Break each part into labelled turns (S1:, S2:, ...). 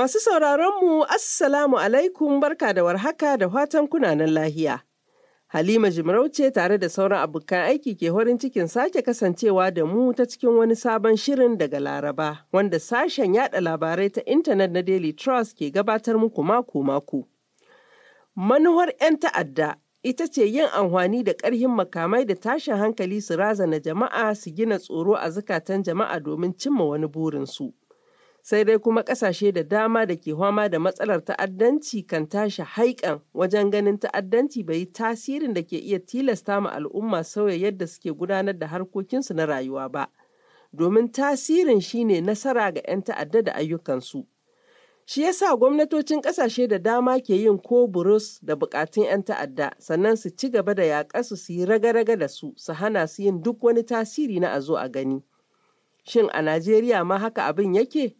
S1: Masu sauraronmu, Assalamu alaikum barka da warhaka da fatan kunanan lahiya. Halima Jimarauce tare da sauran abokan aiki ke horin cikin sake kasancewa da mu ta cikin wani sabon shirin daga Laraba, wanda sashen yaɗa labarai ta intanet na Daily Trust ke gabatar muku mako-mako. Manuwar 'yan ta'adda ita ce yin amfani da ƙarhin makamai da tashin hankali su razana jama'a su gina tsoro a zukatan jama'a domin cimma wani burinsu. sai dai kuma ƙasashe da dama da ke fama da matsalar ta'addanci kan tashi haikan wajen ganin ta'addanci bai yi tasirin da ke iya tilasta ma al'umma sauya yadda suke gudanar da harkokinsu na rayuwa ba domin tasirin shine nasara ga 'yan ta'adda da ayyukansu shi yasa gwamnatocin ƙasashe da dama ke yin ko burus da bukatun 'yan ta'adda sannan su ci gaba da yaƙa su yi raga-raga da su su hana su yin duk wani tasiri na a zo a gani shin a najeriya ma haka abin yake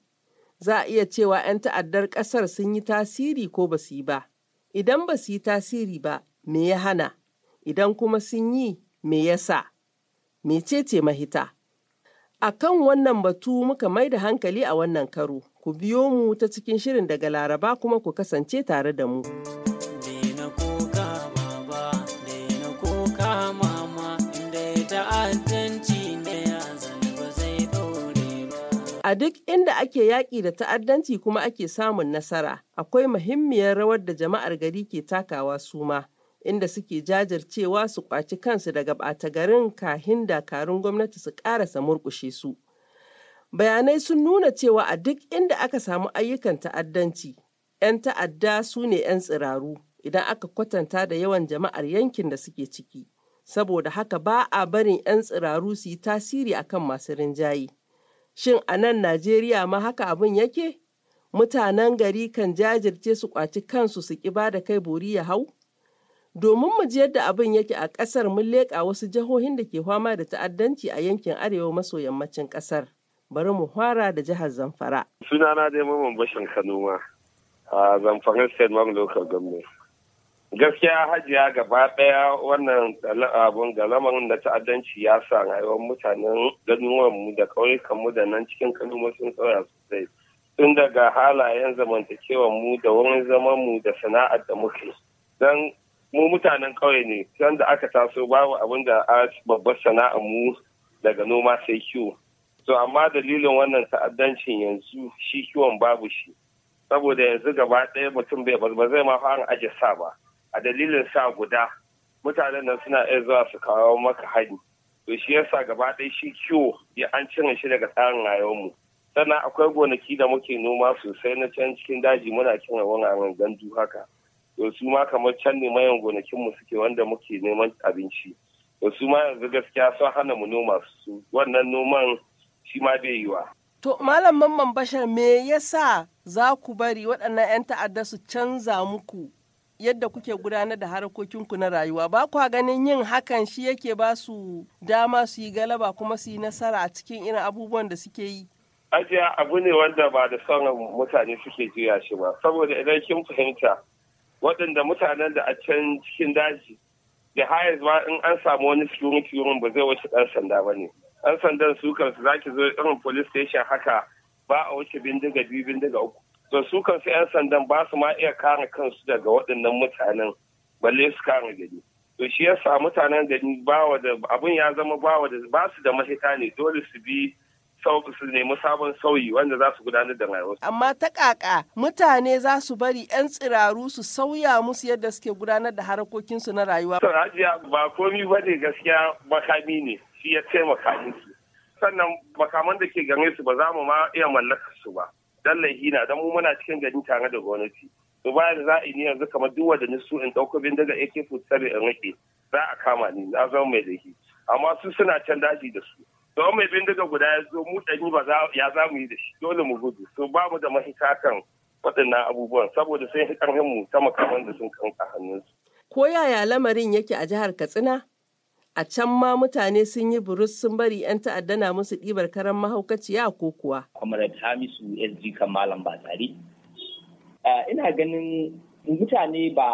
S1: Za a iya cewa 'yan ta'addar ƙasar sun yi tasiri ko ba su yi ba. Idan ba su yi tasiri ba, me ya hana? Idan kuma sun yi, me ya sa? Mecece mahita? A kan wannan batu muka mai da hankali a wannan karo, ku biyo mu ta cikin shirin daga Laraba kuma ku kasance tare da mu. A duk inda ake yaƙi da ta'addanci kuma ake samun nasara, akwai muhimmiyar rawar da jama'ar gari ke takawa su ma inda suke jajircewa su ƙwaci kansu daga ɓata-garin kahin dakarun gwamnati su ƙarasa murƙushe su. Bayanai sun nuna cewa a duk inda aka samu ayyukan ta'addanci, 'yan ta'adda su ne 'yan tsiraru idan aka kwatanta da yawan jama'ar yankin da suke ciki. Saboda haka ba a barin 'yan tsiraru su yi tasiri akan masu rinjaye. Shin a nan Najeriya ma haka abin yake? Mutanen gari kan jajirce su ƙwaci kansu su ƙi ba da kai bori ya hau? Domin mu ji yadda abin yake a ƙasar mun leƙa wasu jihohin da ke fama da ta'addanci a yankin arewa maso yammacin ƙasar. Bari mu fara da jihar Zamfara.
S2: Sunana dai Mamman Bashin Kano a Zamfara State Local Government. gaskiya hajiya gaba ɗaya wannan abun lamarin na ta'addanci ya sa rayuwar mutanen ganuwanmu da ƙauyukanmu da nan cikin kanuma sun tsaya sosai tun daga halayen zamantakewar mu da wurin zaman mu da sana'ar da muke dan mu mutanen ƙauye ne can da aka taso babu abin da babbar sana'ar mu daga noma sai kiwo to amma dalilin wannan ta'addancin yanzu shi kiwon babu shi saboda yanzu gaba ɗaya mutum bai ba zai ma fara aje sa ba a dalilin sa guda mutanen nan suna iya zuwa su kawo maka hari to shi yasa gaba ɗaya shi kiwo ya an cire shi daga tsarin rayuwarmu sannan akwai gonaki da muke noma sosai na can cikin daji muna kiran wuraren gandu haka to su ma kamar can ne mayan gonakinmu suke wanda muke neman abinci to su ma yanzu gaskiya sun hana mu noma su wannan noman shi ma bai
S1: yi wa. To Malam Mamman Bashar me yasa za ku bari waɗannan 'yan ta'adda su canza muku yadda kuke gudanar da harkokinku na rayuwa ba kwa ganin yin hakan shi yake ba su dama su yi galaba kuma su yi nasara a cikin irin abubuwan da suke yi
S2: ajiya abu ne wanda ba da sauran mutane suke juya shi ba saboda idan kin fahimta waɗanda mutanen da a can cikin daji da haya ma in an samu wani siyurin ba zai wuce ɗan sanda ba ne ɗan sandan su zaki zo irin police station haka ba a wuce bindiga biyu bindiga uku to su kansu 'yan sandan ba su ma iya kare kansu daga waɗannan mutanen balle su kare gari to shi ya sa mutanen gari wa da abun ya zama wa da ba su da mahita ne dole su bi su nemi sabon sauyi wanda za su gudanar da rayuwar
S1: amma ta kaka mutane za su bari 'yan tsiraru su sauya musu yadda suke gudanar da harkokinsu na rayuwa
S2: ba komi ba ne gaskiya makami ne shi ya taimaka musu sannan makaman da ke gare su ba za mu ma iya mallakar su ba dan na dan mu muna cikin gari tare da gwamnati to ba da za a yi yanzu kamar duk wanda su in dauko bin daga AK 47 in rike za a kama ni na zama mai laifi amma su suna can daji da su to mai bindiga guda ya zo mu dani ba ya za mu yi da shi dole mu gudu to ba mu da mahita kan waɗannan abubuwan saboda sai fi mu ta makaman da sun kanka hannunsu.
S1: Ko yaya lamarin yake a jihar Katsina? A can ma mutane sun yi burus sun bari 'yan ta'adda na musu ɗibar karan mahaukaciya
S3: ko kuwa. Comrade Hamisu SG Kamalan Batsari. Ina ganin mutane ba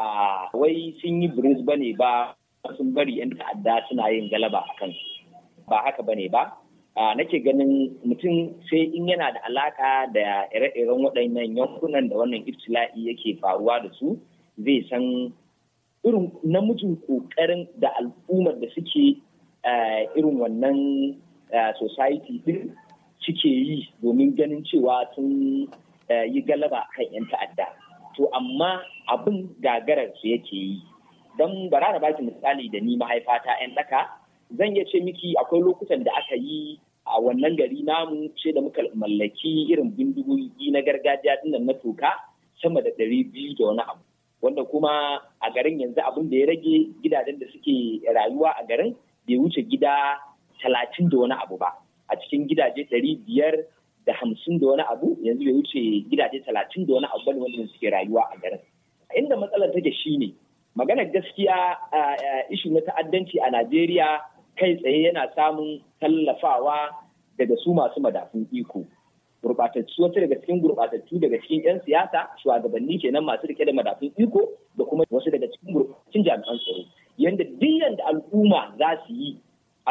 S3: wai sun yi burus ba ne ba sun bari 'yan ta'adda suna yin galaba a kan ba haka ba ne ba. Nake ganin mutum sai in yana da alaka da ire-iren waɗannan yankunan da wannan ibtila'i yake faruwa da su zai san irin namijin kokarin da al'ummar da suke eh, irin wannan eh, society din suke yi domin ganin cewa sun eh, yi galaba kan 'yan ta'adda to amma abin gagarar su yake yi don barara na baki misali da ni mahaifata 'yan ɗaka zan iya ce miki akwai lokutan da aka yi a wannan gari namu ce da muka mallaki irin bindigogi na gargajiya dinnan na toka sama da ɗari da wani abu wanda kuma a garin yanzu abin da ya rage gidajen da suke rayuwa a garin bai wuce gida talatin da wani abu ba a cikin gidaje ɗari biyar da hamsin da wani abu yanzu bai wuce gidaje talatin da wani abu wanda suke rayuwa a garin inda matsalar take ne, maganar gaskiya ishu na ta'addanci a najeriya kai tsaye yana samun tallafawa daga su masu madafun iko gurbatattu wasu daga cikin gurbatattu daga cikin 'yan siyasa shugabanni kenan masu rike da madafin iko da kuma wasu daga cikin gurbatattun jami'an tsaro yanda duk da al'umma za su yi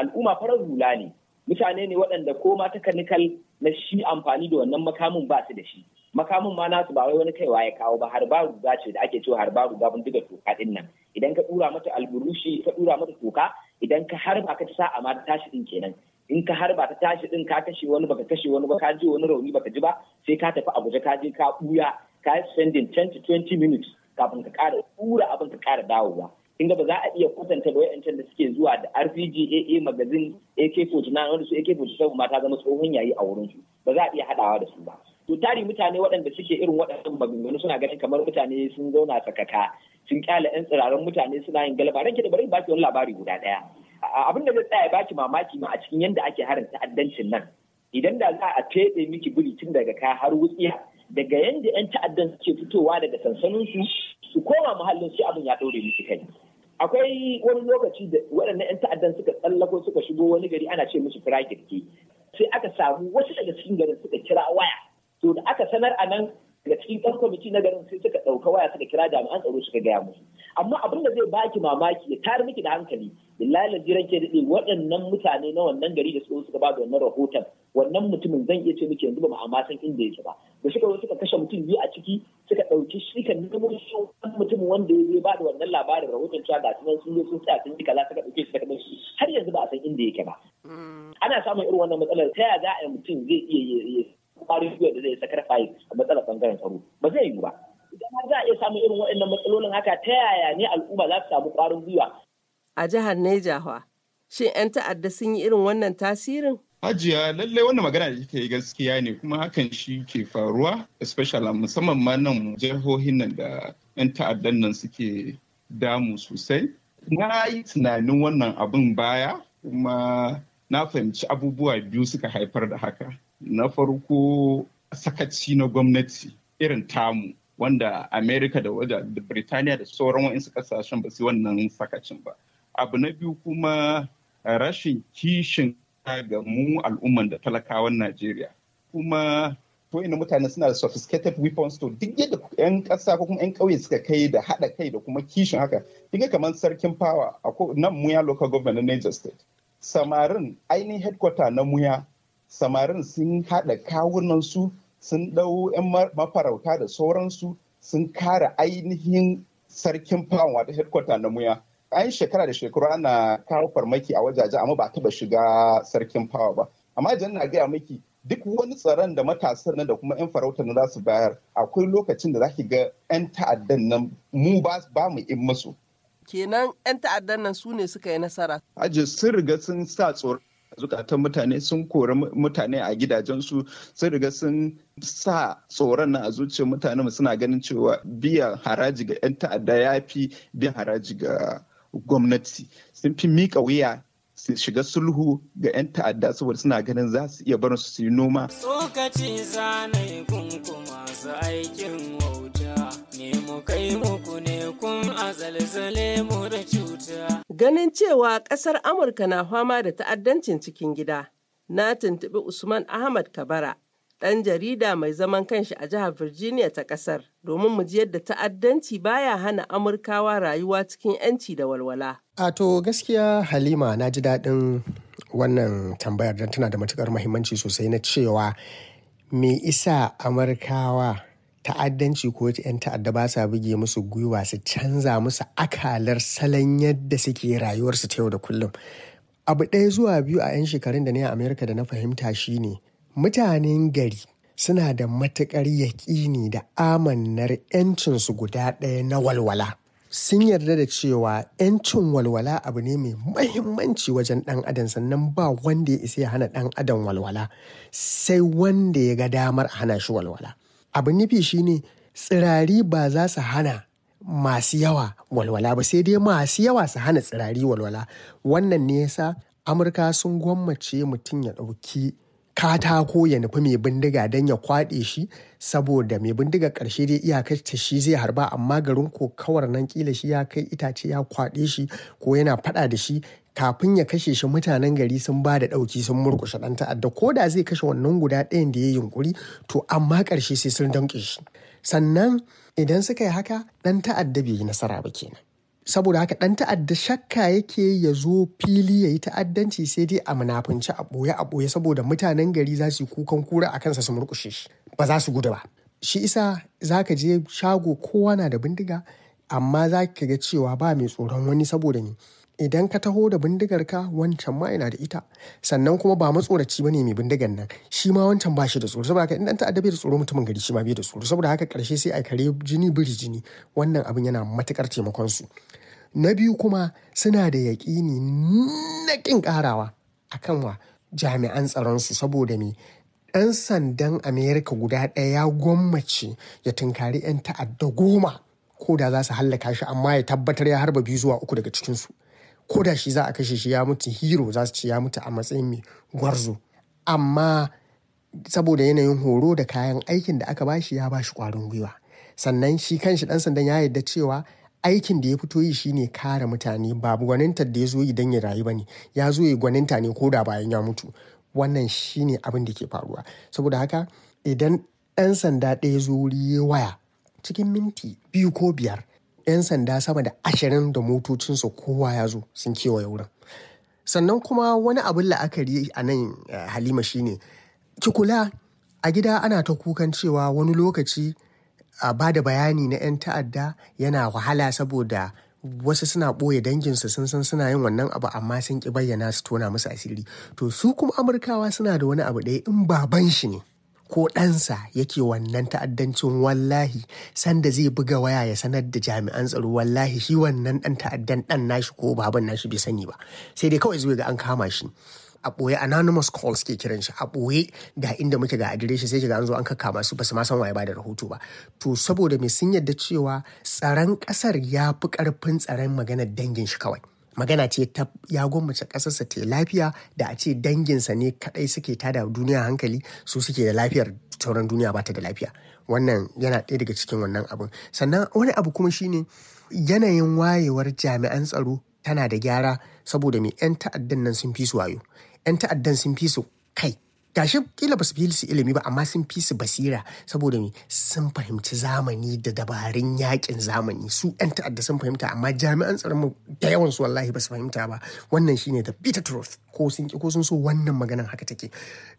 S3: al'umma farar rula ne mutane ne waɗanda ko ma takanikal na shi amfani da wannan makamin ba su da shi makamin ma nasu ba wai wani kaiwa ya kawo ba har ba ruga ce da ake cewa har ba ruga diga toka din nan idan ka dura mata alburushi ka dura mata toka idan ka harba ka ta sa a ma tashi din kenan in ka harba ta tashi din ka kashe wani baka kashe wani ba ka ji wani rauni baka ji ba sai ka tafi Abuja ka je ka buya ka yi spending 10 to 20 minutes kafin ka kara tura abin ka kara dawowa kin ga ba za a iya kwatanta da wayancan da suke zuwa da RPGAA magazine AK49 wanda su AK47 ma ta zama tsohon yayi a wurin su ba za a iya hadawa da su ba to tari mutane waɗanda suke irin waɗannan maganganu suna ganin kamar mutane sun zauna sakaka sun kyale yan tsiraran mutane suna yin galaba ranke da bari ba ki wani labari guda ɗaya abin da zai tsaya baki mamaki ma a cikin yadda ake harin ta'addancin nan idan da za a fede miki buri tun daga ka har wutsiya daga yadda 'yan ta'addan suke fitowa daga sansaninsu su koma muhallin su abin ya ɗaure miki kai akwai wani lokaci da waɗannan 'yan ta'addan suka tsallako suka shigo wani gari ana ce musu fira kirki sai aka samu wasu daga cikin garin suka kira waya to da aka sanar a nan daga cikin ɗan kwamiti na garin sai suka ɗauka waya suka kira jami'an tsaro suka gaya musu amma abin da zai baki mamaki ya tare miki da hankali billahi jiran ke dade waɗannan mutane na wannan gari da su suka ba da wannan rahoton wannan mutumin zan iya ce miki yanzu ba mu amma san inda yake ba da suka zo suka kashe mutum biyu a ciki suka ɗauki kan nemo shi wannan mutumin wanda ya zo ba da wannan labarin rahoton cewa ga sunan sun zo sun tsaya sun kala, kaza suka shi suka shi har yanzu ba a san inda yake ba ana samun irin wannan matsalar ta yaya za mutum zai iya kwarin gwiwa da zai sakar fayi a matsalar bangaren tsaro ba zai yiwu ba idan har za a iya samun irin waɗannan matsalolin haka ta yaya ne al'umma za su samu ƙwarin gwiwa. A jihar Neja
S1: shin 'yan ta'adda sun yi irin wannan tasirin?
S4: Hajiya lallai wannan magana da kika yi gaskiya ne kuma hakan shi ke faruwa especially musamman ma nan jihohin nan da 'yan ta'addan nan suke damu sosai. Na yi tunanin wannan abin baya kuma na fahimci abubuwa biyu suka haifar da haka. Na farko sakaci na gwamnati irin tamu wanda amerika da da birtaniya da sauran wa'insu kasashen ba su wannan sakacin ba abu na biyu kuma rashin kishin ga mu al'umman da talakawan najeriya kuma ina mutane suna da sophisticated weapons to duk yadda 'yan ƙasa ko kuma 'yan ƙauye suka kai da haɗa kai da kuma kishin haka dinga kamar sarkin power a nan muya local government na Niger state samarin ainihin headquarter na muya samarin sun haɗa kawunan su sun ɗau 'yan mafarauta da sauransu sun kare ainihin sarkin fawon wata headquarter na muya an shekara da shekaru ana kawo farmaki a wajaje amma ba taɓa shiga sarkin fawa ba amma jan na gaya miki duk wani tsaron da matasan nan da kuma 'yan farauta na za su bayar akwai lokacin da zaki ga 'yan ta'addan nan mu ba mu in musu
S1: kenan 'yan ta'addan nan su ne suka yi nasara
S4: aji sun riga sun sa tsoron zukatan mutane sun kori mutane a gidajensu sun riga sun sa tsoron na a zuciyar mutane suna ganin cewa biyan haraji ga 'yan ta'adda ya fi biyan haraji ga gwamnati sun fi miƙa wuya su shiga sulhu ga 'yan ta'adda saboda suna ganin za su iya barin su yi noma.
S1: Sokaci zanai kuma su aikin mu kai muku ne kun mu da cuta. Ganin cewa ƙasar Amurka na fama da ta'addancin cikin gida, na tuntuɓi Usman Ahmad Kabara, ɗan jarida mai zaman kanshi a jihar Virginia ta ƙasar, domin mu ji yadda ta'addanci baya hana Amurkawa rayuwa cikin 'yanci da walwala.
S5: A to gaskiya Halima na ji daɗin wannan tambayar don tana da matuƙar muhimmanci sosai na cewa me isa Amurkawa ta'addanci ko 'yan ta'adda ba sa buge musu gwiwa su canza musu akalar salon yadda suke rayuwarsu ta yau da kullum abu ɗaya zuwa biyu a 'yan shekarun da ne a amerika da na fahimta shine mutanen gari suna da matuƙar yaƙini da amannar 'yancinsu guda ɗaya na walwala sun yarda da cewa 'yancin walwala abu ne mai mahimmanci wajen ɗan adam sannan ba wanda ya isa ya hana ɗan adam walwala sai wanda ya ga damar a hana shi walwala abin nufi shine tsirari ba za su hana masu yawa walwala ba sai dai masu yawa su hana tsirari walwala wannan ne yasa amurka sun gwammace mutum ya ɗauki katako ya nufi mai bindiga don ya kwaɗe shi saboda mai bindiga ƙarshe dai iyakar shi zai harba amma garin ko kawar nan kila shi ya kai itace ya kwaɗe shi ko yana faɗa da shi kafin ya kashe shi mutanen gari sun ba da ɗauki sun murkushe ɗan ta'adda ko da zai kashe wannan guda ɗayan da ya yunkuri to amma ƙarshe sai sun danƙe shi sannan idan suka yi haka ɗan ta'adda bai yi nasara ba kenan saboda haka ɗan ta'adda shakka yake ya zo fili ya yi ta'addanci sai dai a munafunci a ɓoye a ɓoye saboda mutanen gari za su yi kukan kura a kansa su murkushe shi ba za su gudu ba shi isa za ka je shago kowa na da bindiga amma za ka ga cewa ba mai tsoron wani saboda ne idan ka taho da bindigar ka wancan ma yana da ita sannan kuma ba matsoraci bane mai bindigar nan shi ma wancan ba shi da tsoro saboda haka idan ta ta'adda bai da tsoro mutumin gari shi ma bai da tsoro saboda haka karshe sai a kare jini biri jini wannan abin yana matukar taimakon su na biyu kuma suna da yaƙini na ƙin ƙarawa akan wa jami'an tsaron su saboda me ɗan sandan amerika guda ɗaya ya gwammace ya tunkari 'yan ta'adda goma ko da za su hallaka shi amma ya tabbatar ya harba biyu zuwa uku daga cikin su. ko da shi za a kashe shi ya mutu hero za su ce ya mutu a matsayin mai gwarzo amma saboda yanayin horo da kayan aikin da aka ba shi ya ba shi kwarin gwiwa sannan shi kanshi dan sandan ya yarda cewa aikin da ya fito yi shine kare mutane babu gwaninta da ya zo yi dan ya rayu bane ya zo yi gwaninta ne ko da bayan ya mutu wannan shine abin da ke faruwa saboda haka idan ɗan sanda ɗaya zo wuri ya waya cikin minti biyu ko biyar 'yan sanda sama da ashirin da motocinsu kowa ya zo sun kewaye wurin sannan kuma wani abin la'akari a nan eh, halima shine ki kula a gida ana ta kukan cewa wani lokaci a ba da bayani na 'yan ta'adda yana wahala saboda wasu suna ɓoye danginsu sun san suna yin wannan abu amma sun ƙi bayyana su tona musu asiri to su kuma amurkawa suna da wani abu ɗaya in baban shi ne ko ɗansa yake wannan ta'addancin wallahi sanda zai buga waya ya sanar da jami'an tsaro wallahi shi wannan ɗan ta'addan ɗan nashi ko baban nashi bai sani ba sai dai kawai zuwa ga an kama shi a ɓoye anonymous calls ke kiran shi a ɓoye ga inda muke ga adireshi sai kiga an zo an kakkama su basu ma san waye ba da rahoto ba to saboda mai sun yadda cewa tsaron ƙasar ya fi ƙarfin tsaron maganar dangin shi kawai magana ce ta ya gwammace ƙasarsa ta lafiya da a ce danginsa ne kaɗai suke tada duniya hankali su suke da lafiyar sauran duniya ba ta da lafiya wannan yana ɗaya daga cikin wannan abin sannan wani abu kuma shine yanayin wayewar jami'an tsaro tana da gyara saboda mai 'yan ta'addan nan sun fi su wayo 'yan ta'addan sun fi su kai gashi kila ba su fi su ilimi ba amma sun fi su basira saboda mi sun fahimci zamani da dabarun yakin zamani su yan ta'adda sun fahimta amma jami'an tsaron mu da yawan su wallahi ba su fahimta ba wannan shine the bitter truth ko sun ko sun so wannan maganan haka take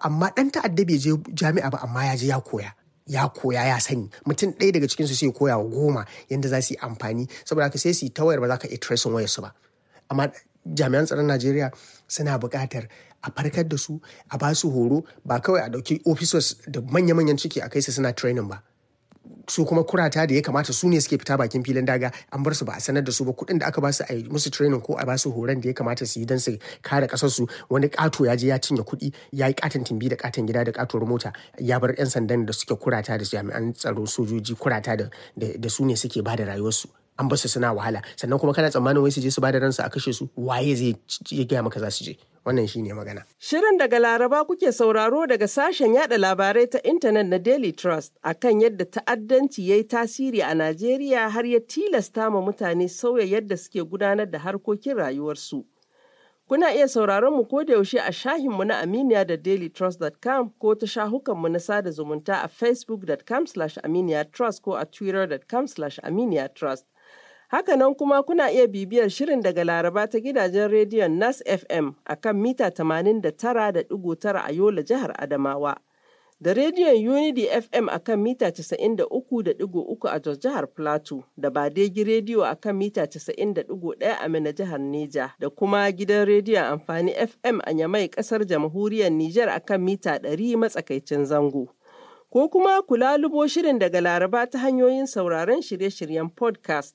S5: amma dan ta'adda bai je jami'a ba amma ya je ya koya ya koya ya sani mutum ɗaya daga cikinsu sai koya wa goma yadda za su yi amfani saboda haka sai su yi ta wayar ba za ka iya tracing wayarsu ba amma jami'an tsaron najeriya suna bukatar. a farkar da su a ba su horo ba kawai a ɗauki officers da manya-manyan ciki a kai su suna training ba su kuma kurata da ya kamata su ne suke fita bakin filin daga an bar su ba a sanar da su ba kuɗin da aka ba su a musu training ko a ba su horon da ya kamata su yi don su kare kasar su wani kato ya je ya cinye kuɗi ya yi katon timbi da katon gida da katuwar mota ya bar 'yan sandan da suke kurata da jami'an tsaro sojoji kurata da su ne suke ba da rayuwarsu an basu suna wahala sannan kuma kana tsammanin wai su je su bada ransu a kashe su waye zai ya gaya maka za su je wannan shine magana
S1: shirin daga laraba kuke sauraro daga sashen yada labarai ta intanet na daily trust akan yadda ta'addanci yayi tasiri a najeriya har ya tilasta ma mutane sauya yadda suke gudanar da harkokin rayuwarsu Kuna iya sauraron mu ko da yaushe a shahinmu na Aminiya da dailytrust.com ko ta shahukanmu na sada zumunta a facebook.com/aminiya trust ko a twitter.com/aminiya trust. Hakanan kuma kuna iya bibiyar shirin daga Laraba ta gidajen rediyon Nas FM a kan mita 89.9 a Yola jihar Adamawa. Da rediyon Unity FM a kan mita 93.3 a Jos jihar Plateau da Badegi rediyo a kan mita 90.1 a Mina jihar Neja da kuma gidan rediyon amfani FM a nyamai kasar jamhuriyar Nijar a kan mita 100 matsakaicin zango. Ko kuma kula lubo shirin daga Laraba ta hanyoyin sauraron shirye-shiryen podcast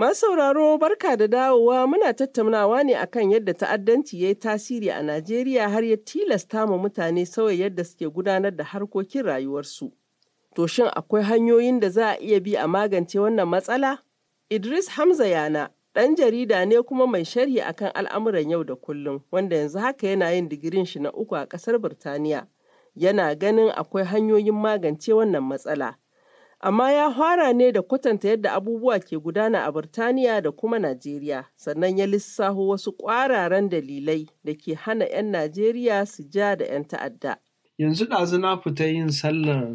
S1: Masu sauraro barka da dawowa muna tattaunawa ne akan yadda ta'addanci ya yi tasiri a Najeriya har ya tilasta ma mutane sauya yadda suke gudanar da harkokin rayuwarsu. To shin akwai hanyoyin da za a iya bi a magance wannan matsala? Idris Hamza Yana ɗan jarida ne kuma mai sharhi akan al'amuran yau da kullum wanda yanzu haka yana yin digirin shi na uku a ƙasar Birtaniya. Yana ganin akwai hanyoyin magance wannan matsala. amma ya fara ne da kwatanta yadda abubuwa ke gudana a Birtaniya da kuma Najeriya, sannan ya lissaho wasu ƙwararan dalilai da ke hana 'yan Najeriya su ja da 'yan ta'adda.
S6: Yanzu ɗazu na fita yin sallar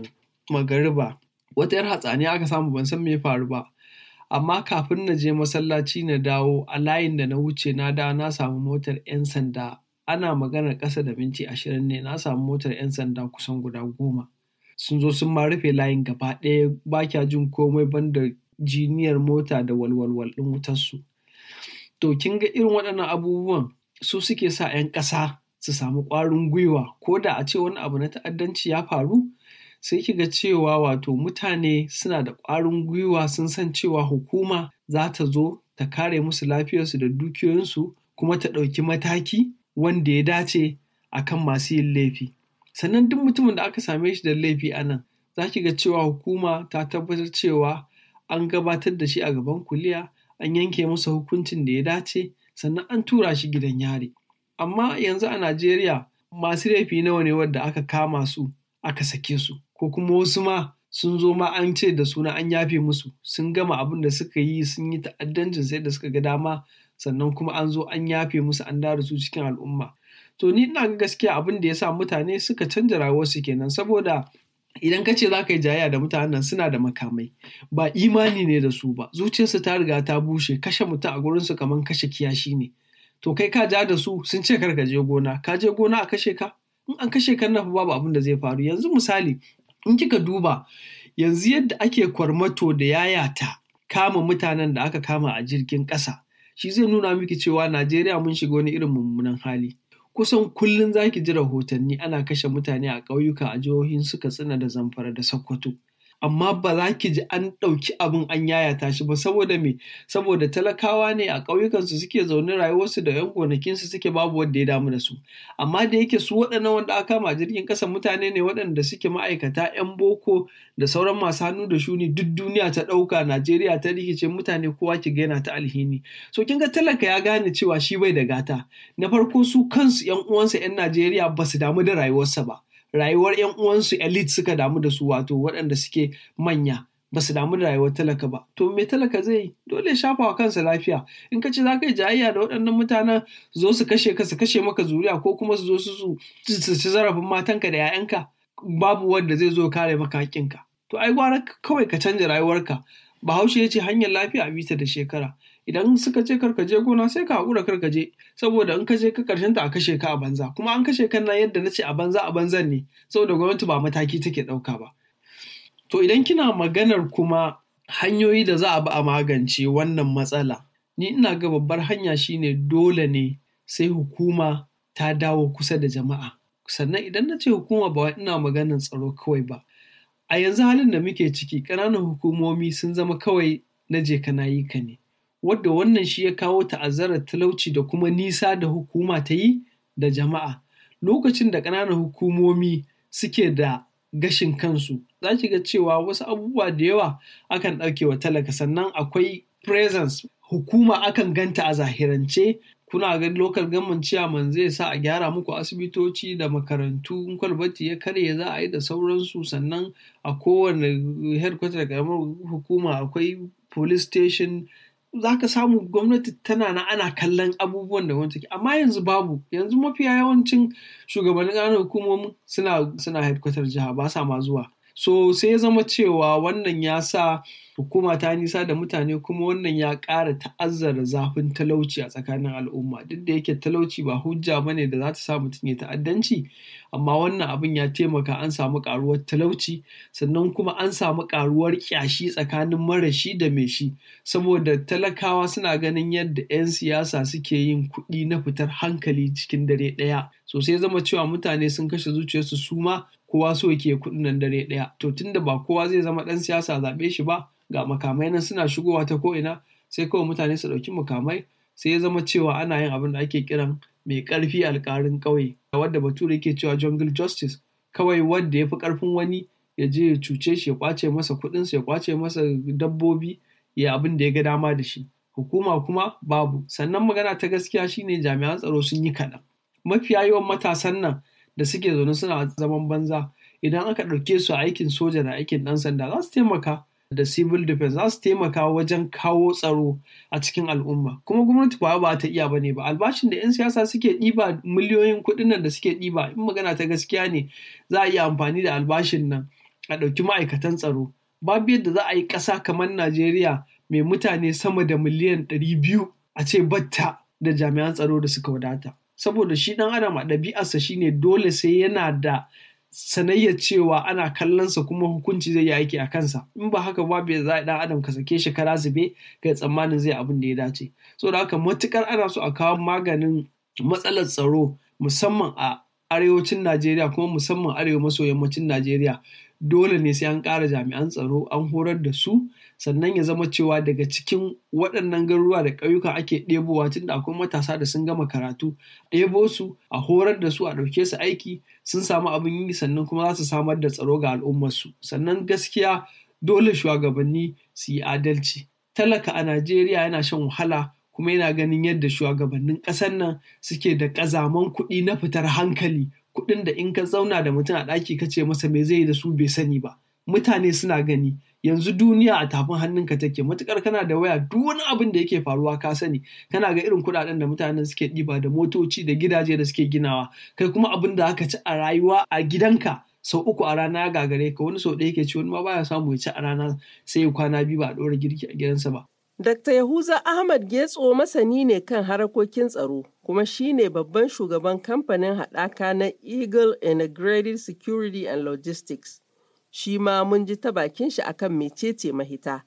S6: magariba, wata 'yar hatsaniya aka samu ban san me ya faru ba, amma kafin na je masallaci na dawo a layin da na wuce na da na samu motar 'yan sanda ana maganar ƙasa da minti ashirin ne na samu motar 'yan sanda kusan guda goma. sun zo sun ma rufe layin gaba ɗaya ba kya jin komai banda jiniyar mota da walwalwal ɗin wutar su. To kin ga irin waɗannan abubuwan su suke sa 'yan ƙasa su samu ƙwarin gwiwa ko da a ce wani abu na ta'addanci ya faru sai ki ga cewa wato mutane suna da ƙwarin gwiwa sun san cewa hukuma za ta zo ta kare musu lafiyarsu da dukiyoyinsu kuma ta ɗauki mataki wanda ya dace akan masu yin laifi. sannan duk mutumin da aka same shi da laifi a nan za ki ga cewa hukuma ta tabbatar cewa an gabatar da shi a gaban kuliya an yanke masa hukuncin da ya dace sannan an tura shi gidan yari amma yanzu a najeriya masu laifi nawa ne wadda aka kama su aka sake su ko kuma wasu ma sun zo ma an ce da suna an yafe musu sun gama abin da suka yi sun yi ta'addancin sai da suka ga dama sannan kuma an zo an yafe musu an dara su cikin al'umma to ni ina ga gaskiya abin da ya sa mutane suka canza rayuwarsu kenan saboda idan ka ce za ka yi jayayya da mutanen suna da makamai ba imani ne da su ba zuciyarsu ta riga ta bushe kashe mutum a gurinsu kamar kashe kiyashi ne to kai ka ja da su sun ce kar ka je gona ka je gona a kashe ka in an kashe ka nafa babu abin da zai faru yanzu misali in kika duba yanzu yadda ake kwarmato da yayata kama mutanen da aka kama a jirgin ƙasa shi zai nuna miki cewa najeriya mun shiga wani irin mummunan hali kusan kullum zaki ji rahotanni ana kashe mutane a ƙauyuka a jihohin suka tsina da Zamfara da Sokoto. amma ba za ki ji an ɗauki abin an yayata shi ba saboda me saboda talakawa ne a ƙauyukansu suke zaune rayuwarsu da yan gonakinsu suke babu wanda ya damu da su amma da yake su waɗannan wanda aka kama jirgin ƙasa mutane ne waɗanda suke ma'aikata yan boko da sauran masu hannu da shuni duk duniya ta ɗauka Najeriya ta rikice mutane kowa ki ga yana ta alhini so kin ga talaka ya gane cewa shi bai da gata na farko su kansu yan uwansa yan Najeriya ba su damu da rayuwarsa ba rayuwar 'yan uwansu elite suka damu da su wato waɗanda suke manya ba su damu da rayuwar talaka ba to me talaka zai yi dole ya shafa wa kansa lafiya in ka ce za ka yi jayayya da waɗannan mutanen zo su kashe ka su kashe maka zuriya ko kuma su zo su ci zarafin matanka da 'ya'yanka babu wanda zai zo kare maka haƙƙinka to ai gwara kawai ka canja rayuwarka bahaushe ya ce hanyar lafiya a bita da shekara idan suka ce kar je gona sai ka haƙura kar je saboda in ka je ka karshen ta a kashe ka a banza kuma an kashe kan na yadda na ce a banza a banzan ne saboda gwamnati ba mataki take ɗauka ba to idan kina maganar kuma hanyoyi da za a bi a magance wannan matsala ni ina ga babbar hanya shine dole ne sai hukuma ta dawo kusa da jama'a sannan idan na ce hukuma ba ina maganar tsaro kawai ba a yanzu halin da muke ciki ƙananan hukumomi sun zama kawai na je ka na ka ne wadda wannan shi ya kawo ta'azzarar talauci da kuma nisa da hukuma ta yi da jama'a. Lokacin da ƙananan hukumomi suke da gashin kansu, za ki ga cewa wasu abubuwa da yawa akan ɗauke wa talaka sannan akwai presence hukuma akan ganta a zahirance kuna ga lokal gamman man zai sa a gyara muku asibitoci da makarantu in kwalbati ya karye za a yi da sauransu sannan a kowane headquarter da karamar hukuma akwai police station za ka samu gwamnati tana na ana kallon abubuwan da wani ke amma yanzu babu yanzu mafiya yawancin shugabannin ƙananan hukumomin suna suna jiha ba sa ma zuwa so sai ya zama cewa wannan ya sa hukuma ta nisa da mutane kuma wannan ya ƙara ta'azzara zafin talauci a tsakanin al'umma duk da yake talauci ba hujja bane da za ta sa mutum ya ta'addanci amma wannan abin ya taimaka an samu karuwar talauci sannan kuma an samu karuwar ƙyashi tsakanin marashi da mai shi saboda talakawa suna ganin yadda 'yan siyasa suke yin kuɗi na fitar hankali cikin dare ɗaya sosai zama cewa mutane sun kashe zuciyarsu su suma kowa so yake kudin nan dare daya. to tunda ba kowa zai zama dan siyasa zaɓe shi ba ga makamai nan suna shigowa ta ko ina sai kawai mutane su ɗauki makamai sai ya zama cewa ana yin abin da ake kiran mai ƙarfi alƙarin ƙauye wadda bature yake cewa jungle justice kawai wadda ya fi ƙarfin wani ya je ya cuce shi ya kwace masa kuɗinsa ya kwace masa dabbobi ya abin da ya ga dama da shi hukuma kuma babu sannan magana ta gaskiya shine jami'an tsaro sun yi kaɗan mafiya yawan matasan nan da suke zaune suna zaman banza idan aka ɗauke su aikin soja da aikin ɗan sanda za su taimaka da civil defense za su taimaka wajen kawo tsaro a cikin al'umma kuma gwamnati ba ba ta iya bane ba albashin da 'yan siyasa suke ɗiba miliyoyin kuɗin nan da suke ɗiba in magana ta gaskiya ne za a iya amfani da albashin nan a ɗauki ma'aikatan tsaro babu yadda za a yi ƙasa kamar najeriya mai mutane sama da miliyan ɗari biyu a ce batta da jami'an tsaro da suka wadata saboda shi dan adam a ɗabi'arsa shine dole sai yana da sanayya cewa ana kallonsa kuma hukunci zai yi aiki a kansa in ba haka ba bai za dan adam ka sake shi kara zube ga tsammanin zai abin da ya dace saboda haka matukar ana so a kawo maganin matsalar tsaro musamman a arewacin Najeriya kuma musamman arewa maso yammacin Najeriya dole ne sai an kara jami'an tsaro an horar da su sannan ya zama cewa daga cikin waɗannan garuruwa da ƙauyuka ake ɗebowa tun da akwai matasa da sun gama karatu ɗebo su a horar da su a ɗauke su aiki sun samu abin yi sannan kuma za su samar da tsaro ga al'ummarsu sannan gaskiya dole shugabanni su yi adalci talaka a najeriya yana shan wahala kuma yana ganin yadda shugabannin ƙasar nan suke da ƙazaman kuɗi na fitar hankali kuɗin da in ka zauna da mutum a ɗaki ka ce masa me zai yi da su bai sani ba mutane suna gani yanzu duniya a tafin hannunka take matukar kana da waya duk wani abin da yake faruwa ka sani kana ga irin kudaden da mutanen suke ɗiba da motoci da gidaje da suke ginawa kai kuma abin da aka ci a rayuwa a gidanka sau uku a rana ya gagare ka wani sau ɗaya ke ci wani ma baya samu ya ci a rana sai ya kwana biyu ba a ɗora girki a gidansa ba.
S1: Dr. Yahuza Ahmad Getso masani ne kan harakokin tsaro kuma shi ne babban shugaban kamfanin haɗaka na Eagle Integrated Security and Logistics. shi ma mun ji ta bakin shi akan mecece mahita.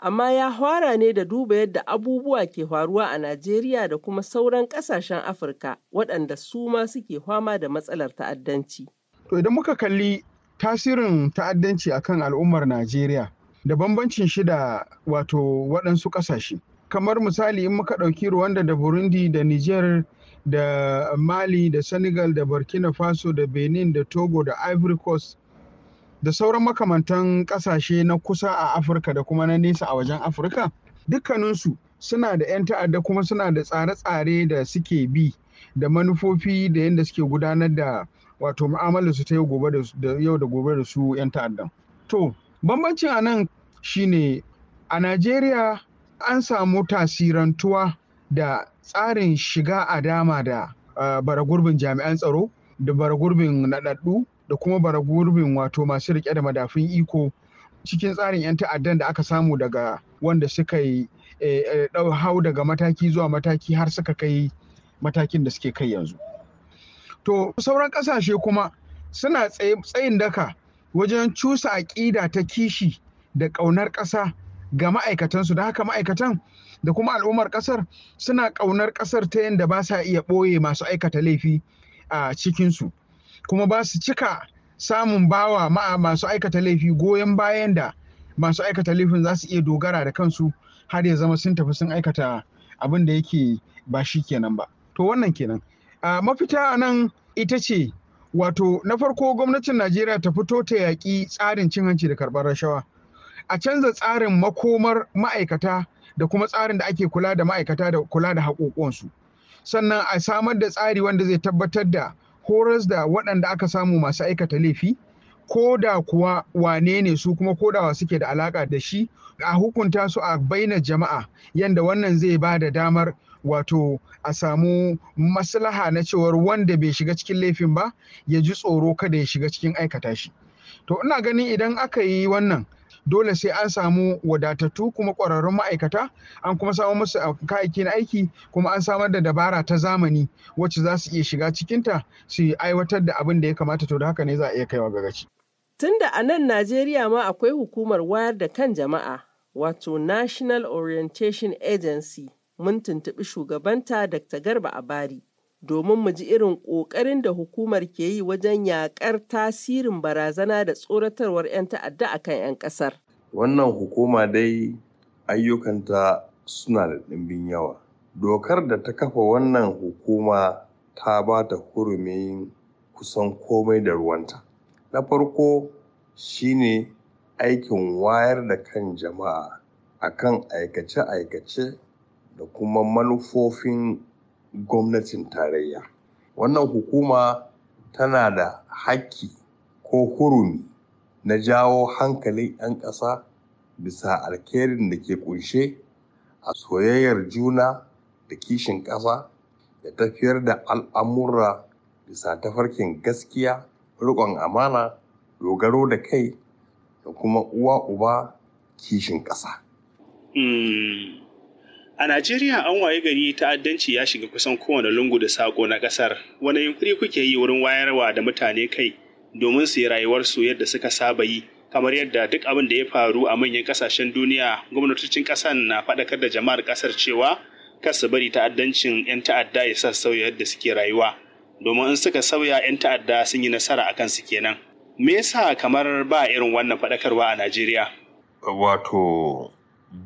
S1: Amma ya fara ne da duba yadda abubuwa ke faruwa a Najeriya da kuma sauran ƙasashen Afirka waɗanda su ma suke fama da matsalar ta'addanci. To idan muka
S7: kalli tasirin ta'addanci akan al'ummar Najeriya da bambancin shi da wato waɗansu ƙasashe. Kamar misali in muka ɗauki Rwanda da Burundi da Niger da Mali da Senegal da Burkina Faso da Benin da Togo da Ivory Coast da sauran makamantan kasashe na kusa a Afirka da kuma na nesa a wajen Afirka dukkaninsu suna da 'yan ta'adda kuma suna da tsare-tsare da suke bi da manufofi da yadda suke gudanar da wato mu'amalarsu ta yau da gobe da su 'yan ta'addan. To, bambancin a nan shine a Najeriya an samu tasirantuwa da tsarin shiga a dama da bara jami'an tsaro da bara gurbin naɗaɗɗu da kuma bara gurbin wato masu rike da madafin iko cikin tsarin 'yan ta'addan da aka samu daga wanda suka yi eh, eh, hau daga mataki zuwa mataki har suka kai matakin da suke kai yanzu. To sauran ƙasashe kuma suna tsayin daka wajen cusa aƙida ta kishi da ƙaunar ƙasa ga ma'aikatansu da haka ma'aikatan da kuma al'ummar ƙasar suna ƙaunar ƙasar ta yadda ba sa iya ɓoye masu aikata laifi a cikinsu. kuma ba su cika samun bawa masu aikata laifi goyon bayan da masu aikata laifin za su iya dogara da kansu har ya zama sun tafi sun aikata abin da yake ba shi kenan ba to wannan kenan a mafita a nan ita ce wato na farko gwamnatin najeriya ta fito ta yaƙi tsarin cin hanci da karɓar rashawa a canza tsarin makomar ma'aikata da kuma tsarin da ake kula da ma'aikata da kula da haƙoƙonsu sannan a samar da tsari wanda zai tabbatar da horas da waɗanda aka samu masu aikata laifi ko da kuwa wane ne su kuma ko da suke da alaka da shi a hukunta su a baina jama'a yadda wannan zai ba da damar wato a samu maslaha na cewar wanda bai shiga cikin laifin ba ya ji tsoro kada ya shiga cikin aikata shi to ina ganin idan aka yi wannan dole sai an samu wadatattu kuma ƙwararrun ma'aikata an kuma samu musu ah, kayayyakin aiki kuma an samar da dabara ta zamani wacce za su iya shiga cikinta su aiwatar da abin da ya kamata to da haka ne za a iya
S1: kaiwa Tun Tunda a nan Najeriya ma akwai hukumar wayar da kan jama'a wato National Orientation Agency mun tuntuɓi shugabanta Dr. Garba Abari. domin mu ji irin ƙoƙarin da hukumar ke yi wajen yaƙar tasirin barazana da tsoratarwar 'yan ta'adda a kan 'yan ƙasar.
S8: Wannan hukuma dai ayyukanta suna da ɗimbin yawa. Dokar da ta kafa wannan hukuma ta ba ta hurumin kusan komai da ruwanta. Na farko shine aikin wayar da kan jama'a akan aikace-aikace da kuma manufofin gwamnatin tarayya wannan hukuma tana da haƙƙi ko hurumi na jawo hankalin 'yan ƙasa bisa alkhairin da ke ƙunshe a soyayyar juna da kishin ƙasa da tafiyar da al'amura bisa tafarkin gaskiya riƙon amana dogaro da kai da kuma uwa uba kishin ƙasa.
S7: Hmm. A Najeriya an waye gari ta'addanci ya shiga kusan kowane lungu da saƙo na ƙasar. Wani yunkuri kuke yi wurin wayarwa da mutane kai domin su yi rayuwarsu yadda suka saba yi, kamar yadda duk abin da ya faru a manyan ƙasashen duniya, gwamnatocin ƙasar na faɗakar da jama'ar ƙasar cewa kar su bari ta'addancin 'yan ta'adda ya sa sauya yadda suke rayuwa. Domin in suka sauya 'yan ta'adda sun yi nasara akan su kenan. Me yasa kamar ba irin wannan faɗakarwa a Najeriya?
S8: Wato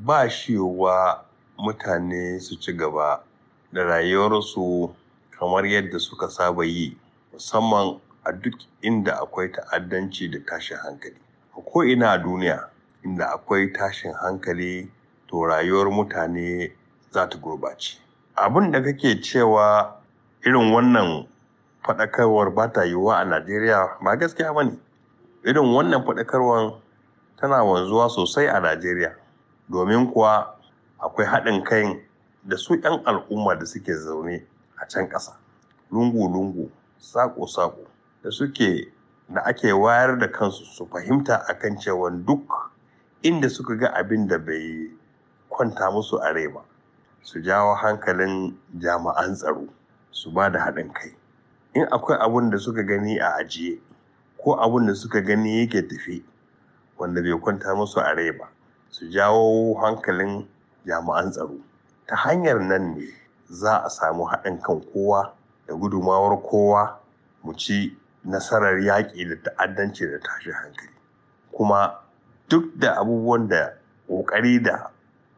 S8: ba shiwa mutane su ci gaba da rayuwarsu kamar yadda suka saba yi musamman a duk inda akwai ta'addanci da tashin hankali. A ko'ina a duniya inda akwai tashin hankali to rayuwar mutane za ta gurbace. Abin da kake cewa irin wannan faɗakarwar ba ta yiwuwa a Najeriya ba gaskiya ba ne. Irin wannan faɗakarwar tana wanzuwa sosai a Najeriya domin kuwa akwai haɗin kai da su 'yan al'umma da suke zaune a can ƙasa lungu-lungu saƙo-saƙo da suke da ake wayar da kansu su fahimta a akan cewa duk inda suka ga abin da bai kwanta musu a rai ba su jawo hankalin jami'an tsaro su ba da haɗin kai in akwai abin da suka gani a ajiye ko abin da suka gani yake tafi wanda bai kwanta musu a rai ba su jawo hankalin jami'an tsaro ta hanyar nan ne za a samu haɗin kan kowa da gudumawar kowa mu ci nasarar yaƙi da ta'addanci da tashi hankali kuma duk da abubuwan da ƙoƙari da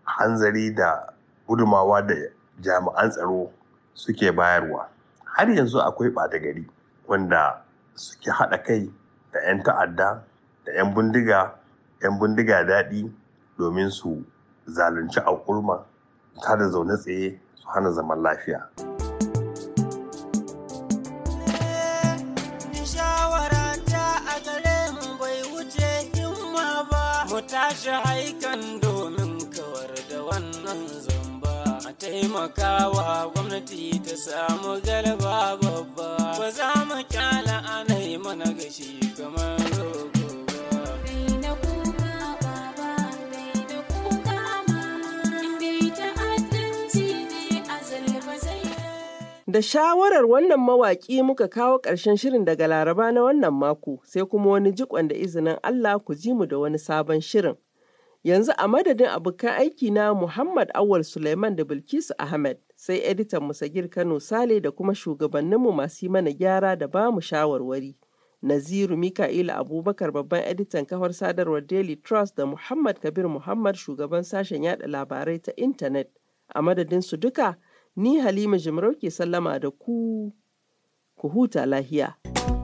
S8: hanzari da gudumawa da jami'an tsaro suke bayarwa har yanzu akwai ɓata gari wanda suke haɗa kai da 'yan ta'adda da 'yan bindiga 'yan bindiga daɗi domin su zalunci a ta tada zaune tsaye su hana zaman lafiya.
S1: a bai wuce tashi haikan domin kawar da wannan zamba a taimakawa gwamnati ta samu galaba babba ba za mu kyala ana mana gashi
S6: kamar rogo
S1: Da shawarar wannan mawaƙi muka kawo ƙarshen shirin daga Laraba na wannan mako, sai kuma wani jikon da izinin Allah ku ji mu da wani sabon shirin. Yanzu a madadin abokan aiki na Muhammad Awal Suleiman da Bilkisu Ahmed, sai editan Musagir Kano Sale da kuma shugabanninmu masu mana gyara da ba mu shawarwari. Naziru Mika'il Abubakar babban editan kafar sadarwar Daily Trust da Muhammad Kabir Muhammad shugaban sashen yada labarai ta intanet. A madadin su duka, Ni Halima Jimarau ke sallama da ku, ku huta lahiya.